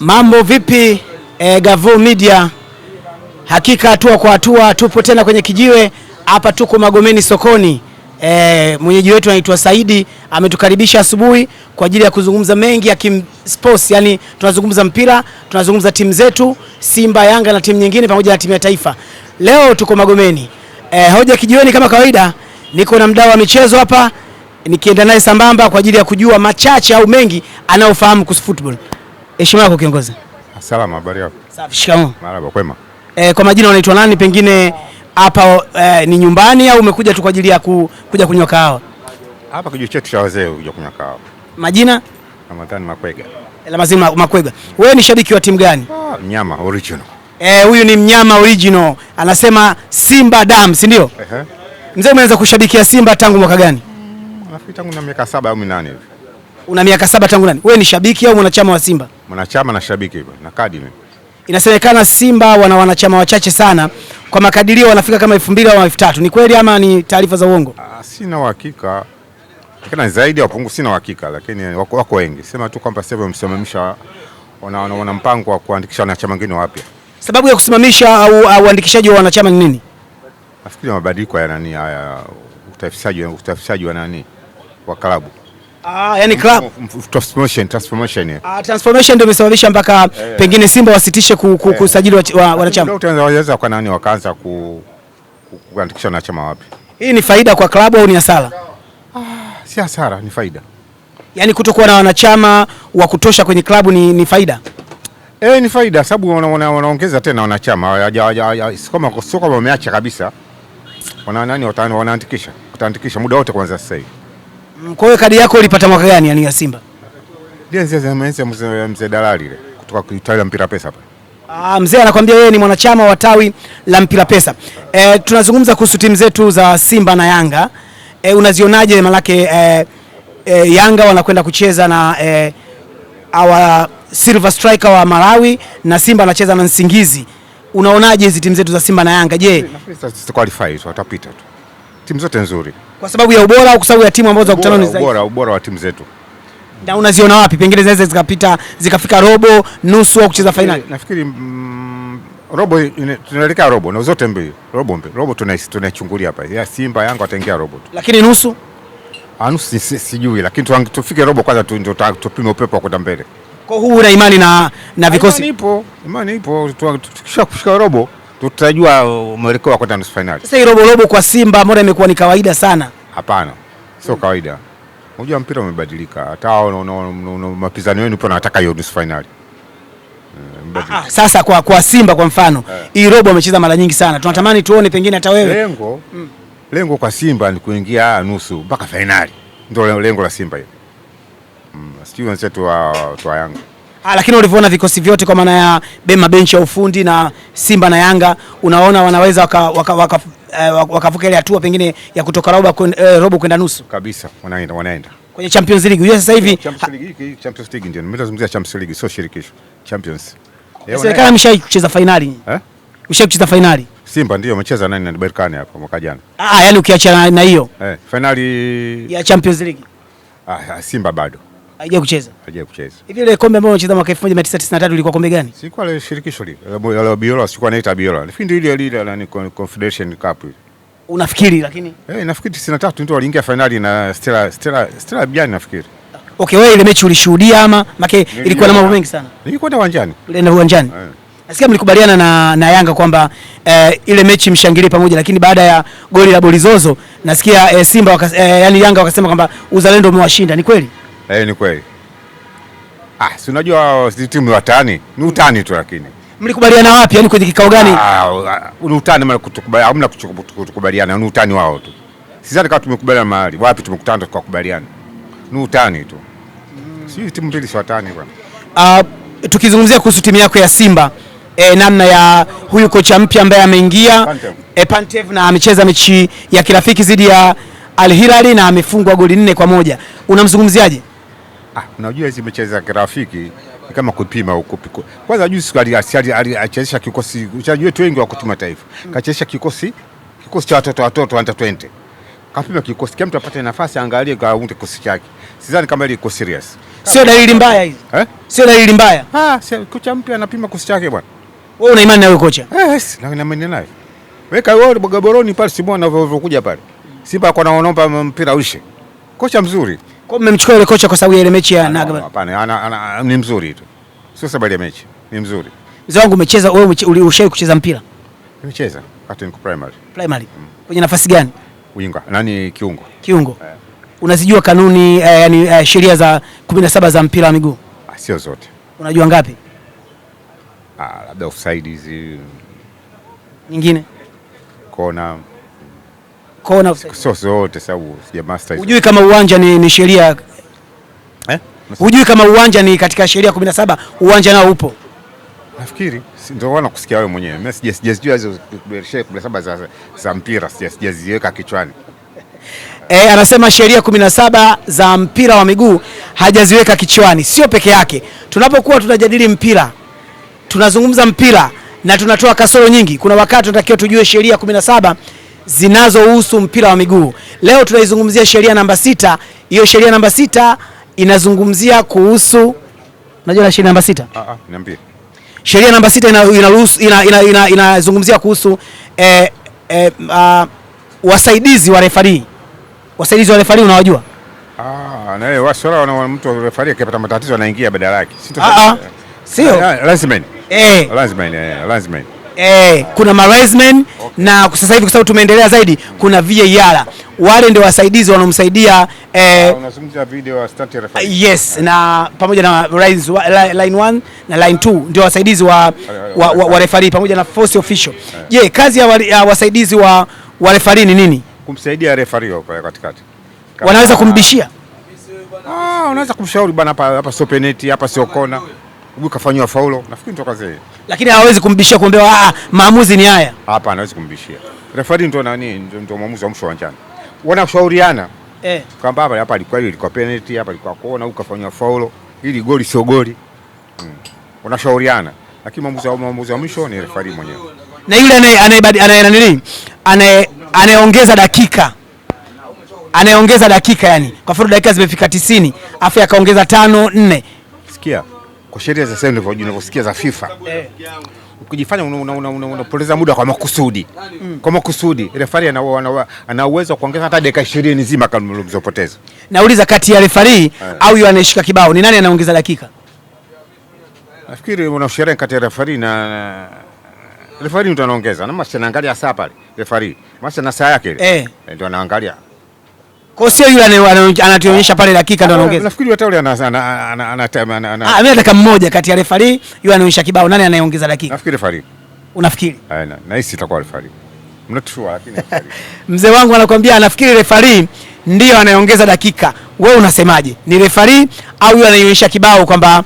Mambo vipi e, Gavoo Media? Hakika hatua kwa hatua tupo tena kwenye kijiwe hapa, tuko Magomeni sokoni. E, mwenyeji wetu anaitwa Saidi ametukaribisha asubuhi kwa ajili ya kuzungumza mengi ya kim sports, yani tunazungumza mpira, tunazungumza timu zetu Simba, Yanga na timu nyingine pamoja na timu ya taifa. Leo tuko Magomeni. E, hoja kijiweni kama kawaida, niko na mdau wa michezo hapa nikienda naye sambamba kwa ajili ya kujua machache au mengi anayofahamu kuhusu football. Heshima yako kiongozi. Salama, habari yako? Safi, shikamoo. Marhaba, kwema. E, kwa majina unaitwa nani? Pengine hapa e, ni nyumbani au umekuja tu kwa ajili ya ku, kuja kunywa kahawa? Hapa kijiji chetu cha wazee kuja kunywa kahawa. Majina? Ramadhani Makwega. Eh, Ramadhani Makwega. Wewe ni shabiki wa timu gani? Ah, mnyama original. Eh, huyu ni mnyama original. Anasema Simba Dam, si ndio? Ehe. Uh -huh. Mzee umeanza kushabikia Simba tangu mwaka gani? Nafikiri tangu na miaka saba au minane hivi. Una miaka saba tangu nani? Wewe ni shabiki au mwanachama wa Simba? mwanachama na shabiki hivyo na kadi Inasemekana Simba wana wanachama wachache sana, kwa makadirio wanafika kama elfu mbili au elfu tatu Ni kweli ama ni taarifa za uongo? Ah, sina uhakika kana zaidi wapungu, sina uhakika lakini wako, wako wengi. Sema tu kwamba sasa wamsimamisha, wana mpango wa kuandikisha wanachama wengine wapya. Sababu ya kusimamisha au uandikishaji wa wanachama ni nini? Nafikiri mabadiliko ya nani haya, utafishaji wa nani wa klabu Ah, yani club transformation transformation. Yeah. Ah, transformation ndio imesababisha mpaka yeah, yeah. pengine Simba wasitishe eh. kusajili wanachama. wa, Waweza kwa nani wakaanza kuandikisha wanachama wapi? Hii ni faida kwa klabu au ni hasara? Ah, si hasara, ni faida. Yaani kutokuwa na wanachama wa kutosha kwenye klabu ni, ni faida. Eh, ni faida sababu wanaongeza wana, tena wanachama. Sio kama wameacha kabisa. Wana nani wataandikisha? Wataandikisha muda wote kwanza sasa hivi. Mm, kwa hiyo kadi yako ulipata mwaka gani yani ya Simba? Mzee Dalali ile kutoka tawi la mpira pesa hapa. Ah, mzee anakuambia yeye ni mwanachama wa tawi la mpira pesa. E, tunazungumza kuhusu timu zetu za Simba na Yanga. E, unazionaje malaki e, e, eh, Yanga wanakwenda kucheza na e, awa Silver Striker wa Malawi na Simba anacheza na Nsingizi. Unaonaje hizi timu zetu za Simba na Yanga? Je, qualify watapita tu timu zote nzuri kwa sababu ya ubora au kwa sababu ya timu ambazo ni zaidi? ubora, ubora wa timu zetu. Na unaziona wapi pengine zaweza zikapita zikafika robo nusu au kucheza fainali? Nafikiri mm, robo tunaelekea robo na zote mbili robo mbili robo tunaichungulia hapa ya Simba Yanga wataingia robo tu, lakini nusu ah, nusu sijui, lakini tufike robo kwanza, ndio tupime upepo wa kwenda mbele. Kwa huu una imani na na ah, vikosi? Imani ipo, imani ipo, tukisha robo tutajua uh, mwelekeo wa kwenda nusu finali. Sasa robo robo kwa Simba mbona imekuwa ni kawaida sana? Hapana, sio kawaida. Unajua mpira umebadilika, hata mapinzani wenu wanataka hiyo nusu finali. Eh, ah, ah, sasa kwa, kwa Simba kwa mfano eh. hii yeah, robo amecheza mara nyingi sana, tunatamani tuone pengine hata wewe lengo, mm, lengo kwa Simba ni kuingia nusu mpaka fainali, ndio lengo la Simba hili mm, sijui wenzetu wa Yanga Ah, lakini ulivyoona vikosi vyote kwa maana ya Bema benchi ya ufundi na Simba na Yanga, unaona wanaweza wakavuka waka, waka, waka, eh, waka ile hatua pengine ya kutoka robo kwen, eh, robo kwenda nusu kabisa, wanaenda wanaenda kwenye Champions League. Unajua sasa hivi Champions League, Champions League ndio nimezungumzia, Champions League sio shirikisho, Champions. Eh, Serikali ameshawahi kucheza finali eh? Ushawahi kucheza finali Simba ndio amecheza nani na Berkane hapa mwaka jana. Ah, ah yani ukiacha na hiyo eh, finali ya Champions League ah, Simba bado Haija kucheza. Haija kucheza. Hivi ile kombe ambayo unacheza mwaka 1993 ilikuwa kombe gani? Sikuwa ile shirikisho lile. La Biola sikuwa naita Biola. Nafikiri ile ile la Confederation Cup ile. Unafikiri lakini? Eh, nafikiri 93 ndio waliingia finali na Stella Stella Stella Bjani nafikiri. Okay, wewe ile mechi ulishuhudia ama? make ilikuwa na mambo mengi sana. Nilikuwa uwanjani. Ile na uwanjani. Eh. Nasikia mlikubaliana na, na Yanga kwamba eh, ile mechi mshangilie pamoja, lakini baada ya goli la Bolizozo nasikia eh, Simba waka, eh, yani Yanga wakasema kwamba uzalendo umewashinda. Ni kweli? Eh, ni kweli. Ah, si unajua si timu watani, ni utani tu lakini. Mlikubaliana wapi? Yaani kwenye kikao gani? Ah, ni ah, utani mara maana hamna kutukubaliana, ni utani wao tu. Sidhani kama tumekubaliana mahali. Wapi tumekutana tukakubaliana. Ni utani tu. Si timu mbili si watani bwana. Ah, tukizungumzia kuhusu timu yako ya Simba E, namna ya huyu kocha mpya ambaye ameingia Pantev. E, Pantev na amecheza mechi ya kirafiki dhidi ya Al Hilal na amefungwa goli nne kwa moja. Unamzungumziaje? Ah, unajua hizi mechi za kirafiki kama kupima huko. Kwanza juzi alichezesha kikosi wachezaji wetu wengi wa kutuma taifa, mm. kachezesha kikosi kikosi cha watoto watoto under 20, kapima kikosi, kila mtu apate nafasi kwa kaunde kikosi chake. Sidhani kama ile iko serious, sio dalili mbaya hizi eh? Sio dalili mbaya. Ah, sio kocha mpya anapima kikosi chake bwana. Wewe una imani na wewe kocha? eh? Yes, na imani naye. Weka wewe Gaboroni pale, Simba anavyokuja pale, mm. Simba kwa naomba mpira uishe, kocha mzuri. Kwa mmemchukua yule kocha kwa sababu ya ile mechi ya Naga? Hapana, ana, ana, ni mzuri tu, sio sababu ya mechi, ni mzuri. Mzee wangu, umecheza wewe, ulishawahi kucheza mpira? Nimecheza wakati niko primary. Primary. Mm. Kwenye nafasi gani? Winga. Nani kiungo? Kiungo. Eh. Unazijua kanuni eh, yani eh, sheria za 17 za mpira wa miguu? Ah, sio zote. Unajua ngapi? Ah, labda offside hizi. Nyingine? Kona kona sio zote, wote, sababu jamaa sasa hujui kama uwanja ni, ni sheria eh? Hujui kama uwanja ni katika sheria 17 uwanja nao upo. Nafikiri ndio wana kusikia wewe mwenyewe. Mimi sijajua hizo sheria 17 za za mpira sijaziweka kichwani. Eh, anasema sheria 17 za mpira wa miguu hajaziweka kichwani. Sio peke yake. Tunapokuwa tunajadili mpira, tunazungumza mpira na tunatoa kasoro nyingi. Kuna wakati tunatakiwa tujue sheria 17 zinazohusu mpira wa miguu. Leo tunaizungumzia sheria namba sita. Hiyo sheria namba sita inazungumzia kuhusu, unajua na sheria namba sita? Ah, ah, niambie. Sheria namba sita inaruhusu inazungumzia ina, ina, ina kuhusu eh, eh, uh, wasaidizi wa refarii. Wasaidizi wa refarii unawajua? Ah, na yeye wasora mtu wa refarii akipata matatizo anaingia badala yake. Ah, ah. Sio? Lazima. Eh. Lazima, eh, lazima eh, kuna marise okay. Na sasa hivi kwa sababu tumeendelea zaidi mm. kuna VAR wale ndio wasaidizi wanaomsaidia eh, ah, unazungumzia video ya start referee yes yeah. na pamoja na rise, line 1 na line 2 ndio wasaidizi wa, wa, wa, wa referee pamoja na force official je, yeah. yeah, kazi ya, wa, ya wasaidizi wa, wa referee ni nini? kumsaidia referee pale katikati, wanaweza kumbishia, ah, unaweza kumshauri bwana, hapa hapa sio penalty, hapa sio kona kafanywa faulo, nafikiri toka zee, lakini hawezi kumbishia ah, maamuzi ni haya. Hapana, hawezi kumbishia refari, ndo nani, ndo mwamuzi wa mwisho wanjani, wanashauriana eh, kwamba hapa hapa ilikuwa ilikuwa penalty, hapa ilikuwa kona, kafanywa faulo, ili goli sio goli. Mm. Wanashauriana, lakini maamuzi wa mwisho ni refari mwenyewe, na yule anaye anayeongeza dakika anayeongeza dakika, yani kwa mfano dakika zimefika tisini afu akaongeza tano nne, sikia kwa sheria za sasa unavyosikia za FIFA eh, ukijifanya unapoteza muda kwa makusudi mm, kwa makusudi refari ana uwezo wa kuongeza hata dakika 20 nzima kama ulizopoteza. Nauliza, kati ya refari eh, au yeye anayeshika kibao ni nani anaongeza dakika? Nafikiri una ushirikiano kati ya refari na refari, ndio anaongeza na masha, anaangalia saa pale refari masha na saa yake eh, eh anaangalia kwa sio yule anatuonyesha pale dakika ndo ah, anaongeza. Nafikiri hata yule ana ah, mimi nataka mmoja kati ya refari yule anaonyesha kibao nani anayeongeza dakika? Nafikiri refari. Unafikiri? Haina, nahisi itakuwa refari. I'm not sure lakini refari. Mzee wangu anakuambia anafikiri refari ndio anayeongeza dakika. Wewe unasemaje? Ni refari au yule anayeonyesha kibao kwamba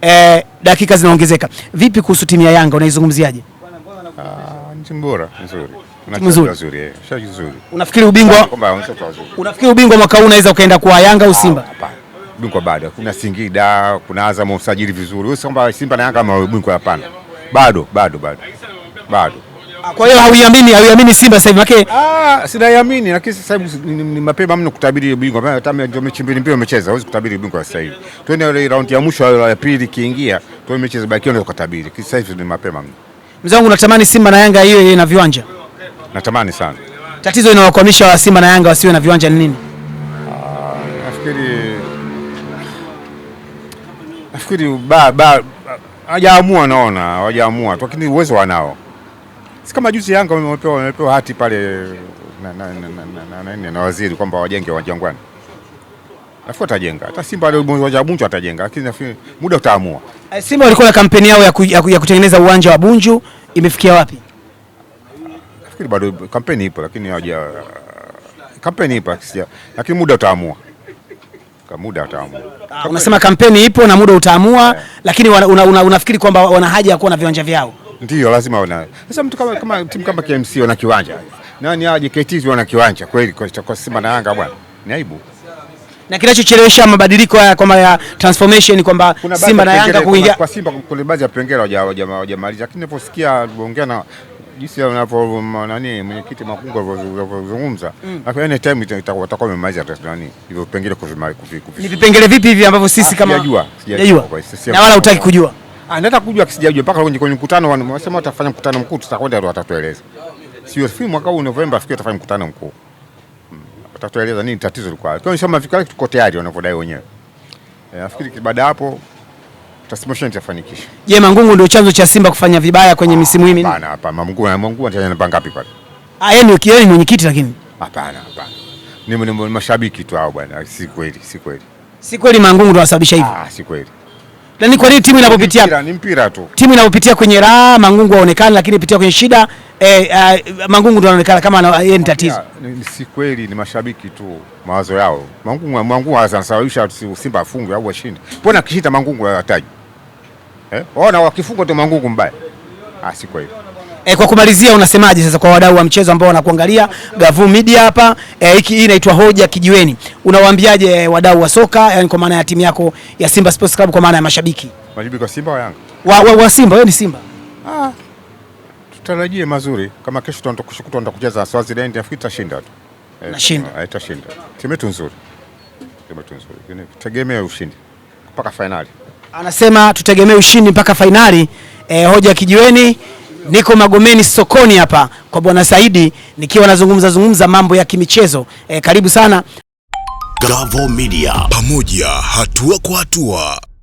eh, dakika zinaongezeka? Vipi kuhusu timu ya Yanga unaizungumziaje? Bwana, mbona anakuambia? Ah, ni timu bora, nzuri nzuri. Eh. Unafikiri ubingwa unafikiri ubingwa mwaka huu unaweza ukaenda kwa Yanga au ah, Simba? Hapana. Ubingwa bado. Kuna Singida, kuna Azam usajili vizuri. Wewe kwamba Simba na Yanga ama ubingwa hapana. Bado, bado, bado. Bado. Ah, kwa hiyo hauiamini, hauiamini Simba sasa hivi. Okay. ah, sinaiamini lakini sasa hivi ni ni, ni mapema mno kutabiri ubingwa. Maana hata mechi mbili mbili umecheza, huwezi kutabiri ubingwa sasa hivi. Twende ile round ya mwisho au ya pili kiingia, twende mechi zibaki ndio kutabiri. Sasa hivi ni mapema mno. Mzangu, natamani Simba na Yanga hiyo ina viwanja? natamani sana. Tatizo linalokwamisha wa Simba na Yanga wasiwe na viwanja ni nini? Uh, nafikiri nafikiri hawajaamua, naona hawajaamua, lakini uwezo wanao. Si kama juzi Yanga wamepewa wamepewa hati pale na, na, na, na, na, na, na waziri kwamba wajenge wa Jangwani. Nafikiri atajenga hata Simba wa Bunju atajenga, lakini nafikiri muda utaamua. Eh, Simba walikuwa na kampeni yao ya, ku, ya, ya kutengeneza uwanja wa Bunju, imefikia wapi? Nafikiri bado kampeni ipo, lakini haja kampeni ipo, lakini muda utaamua muda utaamua. Ah, unasema kampeni ipo na muda utaamua, yeah. Lakini unafikiri una, una kwamba wana haja ya kuwa na viwanja vyao? Ndio, lazima wana. Sasa mtu kama kama timu kama KMC wana kiwanja, nani aje JKT wana kiwanja kweli? Kwa Simba na Yanga bwana, ni aibu. Na kinachochelewesha mabadiliko haya kwamba ya transformation kwamba Simba na Yanga kuingia kwa Simba, kuna baadhi ya pengele hawajamaliza, lakini ninaposikia ongea na jinsi anavyo nani mwenyekiti Makungu alivyozungumza, mm. any time itakuwa watakuwa wamemaliza nani hivyo vipengele. Ni vipengele vipi hivi ambavyo sisi ah, kama sijajua, sijajua na wala hutaki kujua? Ah, nataka kujua sijajua, mpaka kwenye mkutano wanasema watafanya mkutano mkuu, tutakwenda ndio watatueleza. Sio fi mwaka huu Novemba afikie watafanya mkutano mkuu, mm, watatueleza nini tatizo liko wapi. Kwa hiyo kama vikali tuko tayari wanavyodai wenyewe. Eh, nafikiri baada hapo Transformation itafanikisha. Je, Mangungu ndio chanzo cha Simba kufanya vibaya kwenye ah, misimu hii minne? Hapana, hapana. Mangungu Mangungu anacheza namba ngapi pale? Ah, yeye ni yeye mwenyekiti lakini. Hapana, hapana. Ni ni mashabiki tu hao bwana, si kweli, si kweli. Si kweli Mangungu ndio anasababisha hivyo. Ah, si kweli. Na ni kwa nini timu inapopitia ni mpira tu. Timu inapopitia kwenye raha, Mangungu aonekane, lakini pitia kwenye shida, eh, uh, Mangungu ndio anaonekana kama yeye ni tatizo. Si kweli, ni mashabiki tu mawazo yao. Mangungu Mangungu anasababisha Simba afungwe au washinde. Mbona akishinda Mangungu hataji? eh? Waona wakifungwa ndio Mangungu mbaya. Ah, si kwa hiyo E, eh, kwa kumalizia unasemaje sasa kwa wadau wa mchezo ambao wanakuangalia Gavoo Media hapa eh, hiki, e, hii inaitwa Hoja Kijiweni, unawaambiaje eh, wadau wa soka yani kwa maana ya timu yako ya Simba Sports Club kwa maana ya mashabiki mashabiki wa Simba wa Yanga wa, wa, wa Simba wewe ni Simba ah, tutarajie mazuri kama kesho tunatakushukuru kucheza Swaziland afikiri tutashinda tu e, nashinda itashinda timu yetu nzuri timu yetu nzuri yaani, tegemea ushindi mpaka finali anasema tutegemee ushindi mpaka fainali. E, eh, hoja kijiweni, niko Magomeni sokoni hapa kwa bwana Saidi nikiwa nazungumza zungumza mambo ya kimichezo. E, karibu sana Gavoo Media, pamoja hatua kwa hatua.